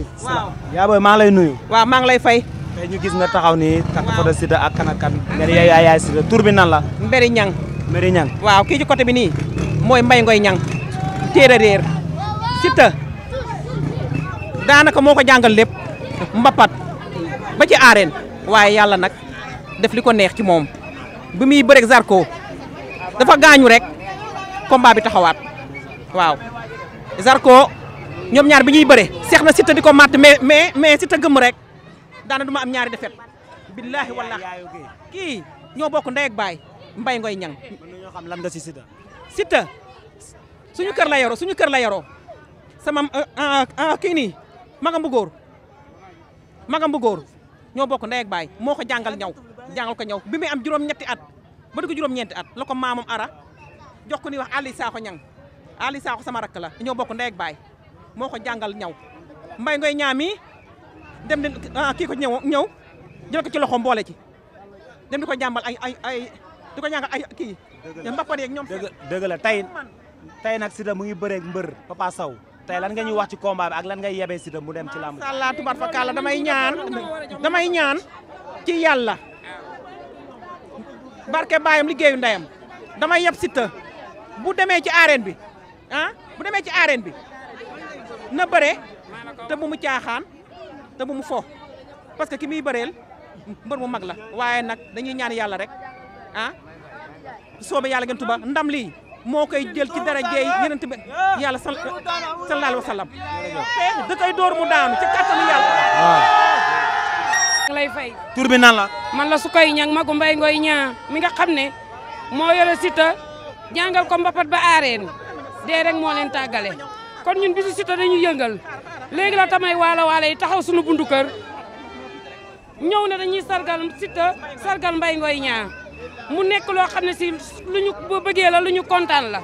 booy. waaw maa lay nuyu. waaw maa ngi lay fay. tey ñu gis nga taxaw ni takk photo Siteu ak kan ak kan. nga ne tur bi nan la. Mbéri Ñang. Mbéri Ñang. waaw kii ci côté bi nii mooy Mbay Ngoy Ñang. téer a réer. Siteu daanaka moo ko jàngal lépp. Mbapat ba ci aareen. waaye yàlla nag def ko neex ci moom. bi muy bëreeg Zarko dafa gaañu rek combat bi taxawaat waaw Zarko ñom ñaar bi ñuy bëre seex na mat di mais mais mais sita gëm rek daana duma am ñaari defet billahi wallahi ki ño bokk ndey ak bay mbay ngoy ñang ñoo xam lam da ci sita sita suñu kër la yoro suñu kër la yoro sama euh, euh, euh, ki ni magam bu góor magam bu góor ño bokk ndey ak bay moko jangal ñaw jangal ko ñaw bi mi am juroom ñetti at ba di ko juróom at lako mamam ara jox ko ni wax Ali Sakho ñang Ali Sakho sama rak la ño bokk ndey ak bay moko jangal ñaw mbay ngoy ñaami dem di ah, ki ko ñew ñew jël ko ci loxo mboole ci dem diko jambal jàmbal ay ay ay di ko jàngal ay kii mbappat ak ñom deug la tay tay nak sida mu ngi ak mbeur papa saw tay lan nga ñu wax ci combat bi ak lan nga yebee sida mu dem ci lamb sàlla tubar fa kala damay ñaan damay ñaan ci yalla barké bayam liggéeyu ndayam damay yeb sita bu démé ci arène bi han ah, bu démé ci arène bi na bëre te bu mu tiaxan te bu mu fo parce que ki mi bëreel mbeur mu mag la nak dañuy ñaan yalla rek ah soobe yalla gën tuba ndam li mo koy jël ci dara jey yeneen tamit yàlla sallallahu alaihi wasallam da koy door mu daanu ci katanu yalla lay fay tour bi nan la man la su koy ñang magu mbay ngoy ñaa mi nga xamne mo moo sita jangal ko mbapat ba rek mo len kon ñun bisu Siteu dañuy yëngal léegi la tamay waalo waalo yi taxaw suñu buntu kër ñëw ne dañuy sargal Siteu sargal Mbaye Ngoy Niang mu nekk loo xam ne si lu ñu bëggee la lu ñu kontaan la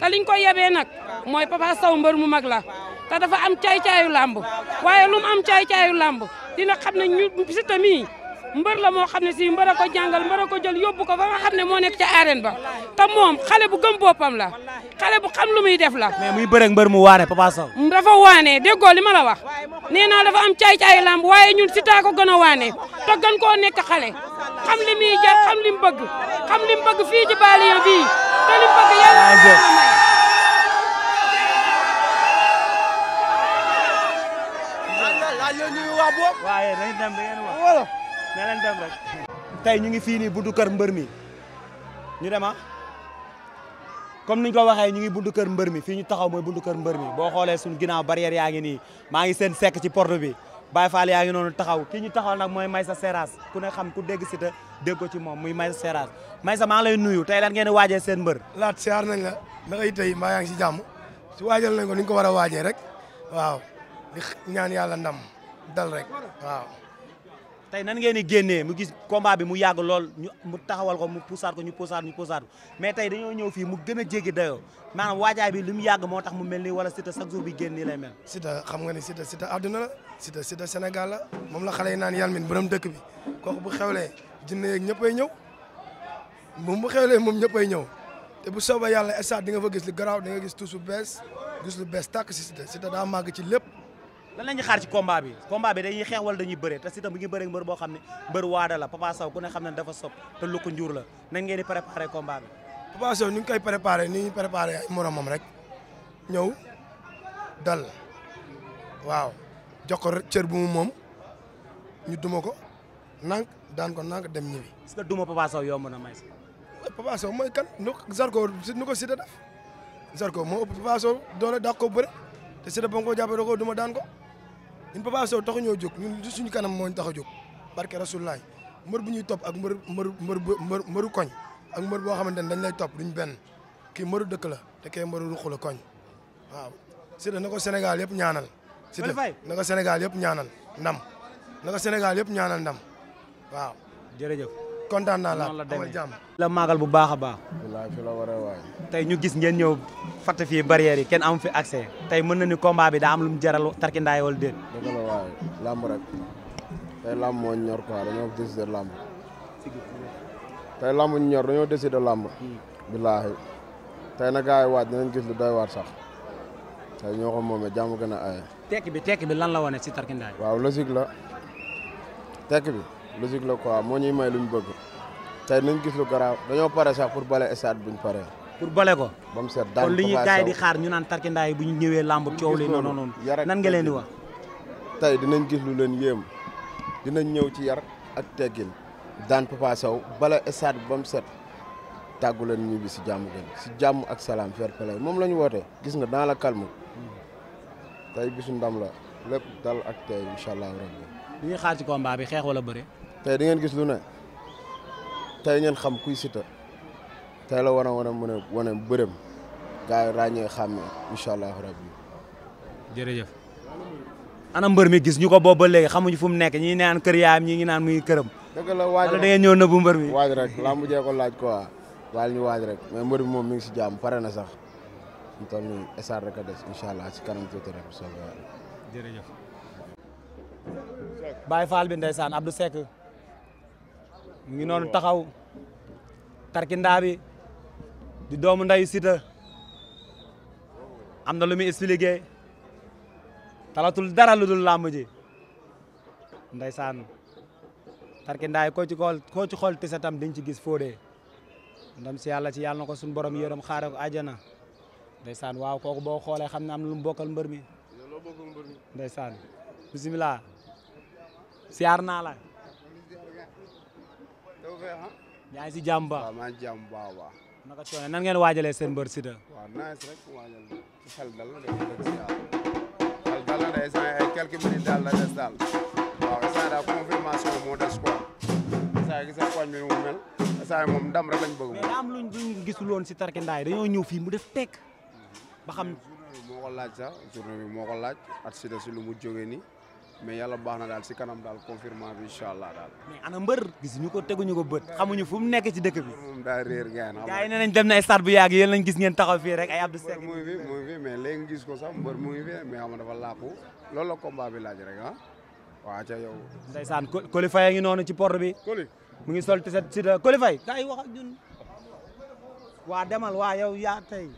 te liñ koy yabee nag mooy Papa saw mbër mu mag la te dafa am caay-caayu làmb waaye lu mu am caay-caayu làmb dina xam ne ñu Siteu mii mbeur la mo xamne si mbeur ko jangal mbeur ko jël yobbu ko ba nga xamne mo nek ci arène ba ta mom xalé bu gëm bopam la xalé bu xam lu muy def la. mais muy bëreeg mbeur mu waané Papa Sow. dafa waané déggo li ma la wax néna naa dafa am caay-caay lamb waye ñun Siteu ko gëna waané waane gën ko nek xalé xam li muy jar xam li mu bëgg xam li mu bëgg fi ci Baliya bi te li mu bëgg yàlla waaye nañ dem ba ngeen wax na leen dem rek tey ñu ngi fii nii buddu kër mbër mi ñu dem ah comme niñ ko waxee ñu ngi buntu kër mbër mi fii ñu taxaw mooy buntu kër mbër mi boo xoolee suñu ginnaaw barrière yaa ngi nii seen sekk ci porte bi Baye Fall yaa ngi taxaw ñu taxaw Maysa Seras ku ne xam ku dégg Siteu dégg ko ci moom muy Maysa Seras Maysa maa ngi lay nuyu tay lan ngeen di waajee seen mbër laat siyaar nañ la si jamu, si waajal nañ ko ni wow, ko war a rek waaw di ñaan ndam dal rek waaw tey nan ngeen di génnee mu gis combat bi mu yàgg lool ñu mu taxawal ko mu pusaar ko ñu pusaat ñu pusaat ko mais tey dañoo ñëw mu gën a jéggi dayoo maanaam waajaay bi li mu yàgg moo tax mu mel nii wala Siteu chaque jour bi génn nii lay mel. Siteu xam nga ni Siteu Siteu àdduna la Siteu Siteu Sénégal la moom la xale yi naan yàlla min borom dëkk bi kooku bu xewlee jinne yeeg ñëppay ñëw moom bu xewlee moom ñëppay ñëw te bu soobee yàlla stade di nga fa gis lu garaaw di nga gis tuus lu bees gis lu bees tàkk si Siteu Siteu daa màgg ci lépp lan la ñuy xaar ci combat bi combat bi dañuy xeex wala dañuy bëree te Siteu bu ngi bëree mbër xam ne mbër waada la Papa Sow ku ne xam ne dafa sob te lu ko njuur la nan ngeen di préparé combat bi Papa Sow ni ngi koy préparé ni ñu préparé ay moromam rek ñëw dal waaw jox ko cër bu mu moom ñu duma ko nank daan ko nank dem ñibbi. est-ce que duma Papa Sow yomb na may si. Papa Sow mooy kan nu Zarko nu ko Siteu def Zarko moo ëpp doole dàq ko bëre te Siteu ba ko jàppee da ko duma daan ko. ñun Papa Sow taxuñoo jóg ñun li suñu kanam moo ñu tax a jóg barke rasulaay mbër bu ñuy topp ak mbër mbër mbër mbëru koñ ak mbër boo xamante ne dañ lay topp duñ benn kii mbëru dëkk la te kee mbëru ruq koñ waaw Siteu na ko Sénégal yëpp ñaanal Siteu na ko Sénégal yëpp ñaanal ndam na ko Sénégal yëpp ñaanal ndam waaw kontaan naa la amal jàmm bu baax a baax war a tey ñu gis ngeen ñëw fatt fii barrières yi kenn am fi accès tey mën na ni combat bi daa am lu mu jaral tarkindaay wala déet dëgg la waay rek tey làmb moo ñor quoi dañoo décider làmb ñor dañoo décider làmb billaahi tey na gars yi waaj gis lu doy waat sax tey ñoo ko moomee jàmm gën a aye tekki bi tekki bi lan la wone si tarkindaay waaw logique la tekki bi logique la quoi moo ñuy may lu ñu bëgg tey nañ gis lu garaaw dañoo pare sax pour bale bu buñ paree. pour bale ko. ba mu set daañu kon li ñuy gars yi di xaar ñu naan tarkindaa yi bu ñu ñëwee làmb coow li noonu noonu nan nga leen di wax. tey dinañ gis lu leen yéem dinañ ñëw ci yar ak teggin daan Papa Sow bale stade set tàggu leen ñibbi si jàmm gën si jàmm ak salaam fair play moom la ñu woote gis nga dans la calme tey bisu ndam la lépp dal ak tey incha allah rabbi. li ñuy xaar ci combat bi xeex wala bëre. tey di ngeen gis lu ne tey ngeen xam kuy Siteu tey la war a wane mën a wane bërëm gars yi ràññee xàmmee incha allah rabbi. jërëjëf. ana mbër mi gis ñu ko boobu ba léegi xamuñu fu mu nekk ñi naan kër yaayam ñi ngi naan muy këram. dëgg la waaj rek da ngeen ñëw nëbbu mbër mi. waaj rek làmb jee ko laaj quoi waaye ñu waaj rek mais mbër mi moom mi ngi si jàmm pare na sax ñu toll nii esaar rek a des allah si kanam tuuti rek soobee yàlla. mu ngi noonu taxaw tarkindaa bi di doomu nday Siteu am na lu muy expliqué talatul dara lu dul làmb ji ndeysaan tarkindaa yi koo ci xool koo ci xool tese tam dañ ci gis Fodé ndam si yàlla ci yàlla na ko suñu borom yërëm xaare ko àjjana ndeysaan waaw kooku boo xoolee xam ne lu mu bokkal mbër siyaar naa la yaa si jamba? ba waaw maa naka coono nan ngeen waajalee seen mbër Siteu. waaw naa rek waajal ci xel dal la def dëgg si dal la des ay quelques minutes daal la confirmation des quoi mu mel rek lañ bëgg. am luñ gisul si tarkindaay dañoo ñëw fii mu def tekk ba xam. journée laaj journée bi laaj at lu mu mais yàlla baax na daal si kanam daal confirmation bi incha allah daal. mais ana mbër gis ñu ko teguñu ko bët xamuñu fu mu nekk ci dëkk bi. moom daal réer gaay na. gaay yi nee nañ gis ngeen taxaw fii rek ay mu ngi fi mu gis ko sax mbër mu ngi fi mais xam nga dafa làqu loolu la combat bi laaj rek ah waaw ca yow. ndeysaan Coly Faye a ngi noonu ci porte bi. Coly mu ngi sol tiset si Coly Faye. gars yi wax ak ñun demal waa yow yaa tey.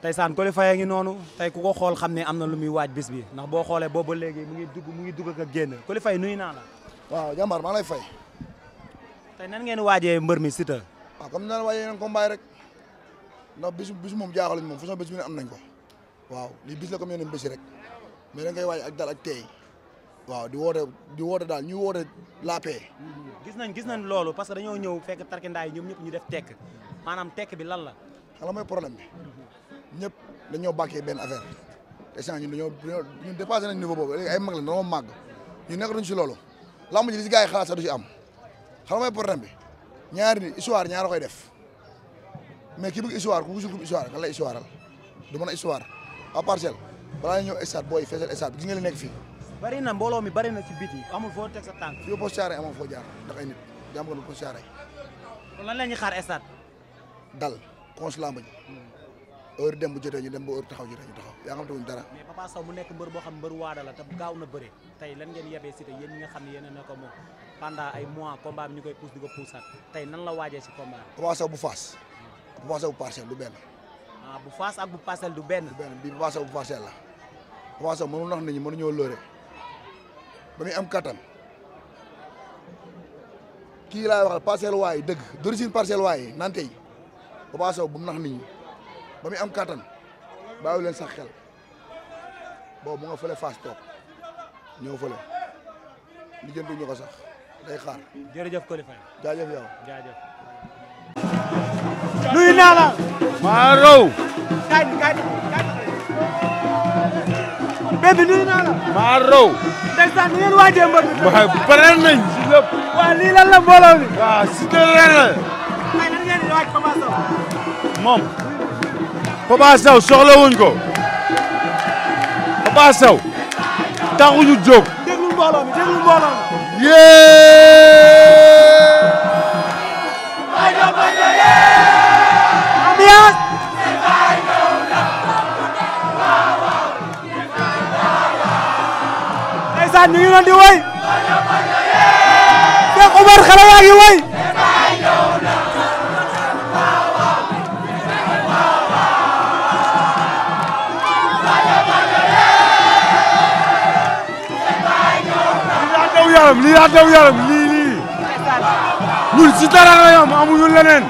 ndeysaan Coly Faye a ngi noonu tay kuko xol xool amna lu muy waj bis bi ndax boo xoolee booba léegi mu ngi dugg mu ngi dugg ak a ko Coly Faye nuyu naa la waaw jambar ma lay fay tay nan ngeen waajee mbeur mi sita wa comme nan waajee nan ko mbay rek ndax bis bis mom jaaxal ñu mom fu sax bis bi am nañ ko waaw li bis la comme yeneen bis rek mais da ngay waaj ak dal ak tay waaw di wote di wote dal ñu wote la paix gis nañ gis nañ loolu parce que dañoo ñëw fekk tarkindaa yi ñoom ñëpp ñu def tek manam tek bi lan la xala moy problème bi ñëpp dañoo bàkkee benn affaire te change ñun dañoo ñun nañ niveau boobu léegi ay mag la dañoo màgg ñu nekkatuñ si loolu lamb ji li si gars yi xalaat sax du si am xam nga mooy problème bi ñaari nit histoire ñaara koy def mais ki bëgg histoire ku gisul histoire kan lay histoireal du mën a histoire à parcelle balaa ñuy ñëw stade booy feesal stade bi gis nekk fii barina na mbooloo mi bari na ci biti amul foo teg sa tànk fii poste carré amul foo jaar ndax ay nit jàmm ko poste carré lan la ñuy xaar stade dal heure dem bu jotté ñu dem bu heure taxaw jotee ñu taxaw ya nga tuñ dara mais papa saw mu nekk mbeur bo xam mbeur waada la ta bu gaaw na beure tay lan ngeen yebee cité yéen ñi nga xam yeen na ko mo pendant ay mois combat bi ñu koy pousse diko poussat tay nan la wajé ci combat papa saw bu fas papa saw bu parcelle du ben ah bu fas ak bu parcel du ben ben bi papa saw bu parcel la papa saw mënu nax nit ñi mënuñoo lóore ba muy am katan ki la waxal parcel way deug d'origine parcel way nante yi papa saw bu mu nit ñi ba muy am kattan bàyyi leen sax xel boobu mu nga fële fas toog ñëw fële lijjanti ñu ko sax day xaar. jërëjëf Coly Faye. jaajëf yow jaajëf. raw. kaay bi kaay bi kaay raw. ndeysaan ni ngeen waajee mbër bi. si lépp. waaw lii lan la mbooloo si te ren Papa Sow soxla wuñ ko Papa Sow taxuñu jóg. déglu mbooloo mi déglu mbooloo mi. yee. ambiance. ndeysaan ñu ngi doon di woy. Cheikh Omar xale yaa ngi woy. yaram lii daa daw yaram lii lii ñun si dara la yam amuñu leneen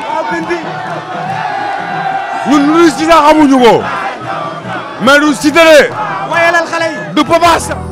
ñun lu si sax amuñu ko mais du si dara wayalal xale yi du Papa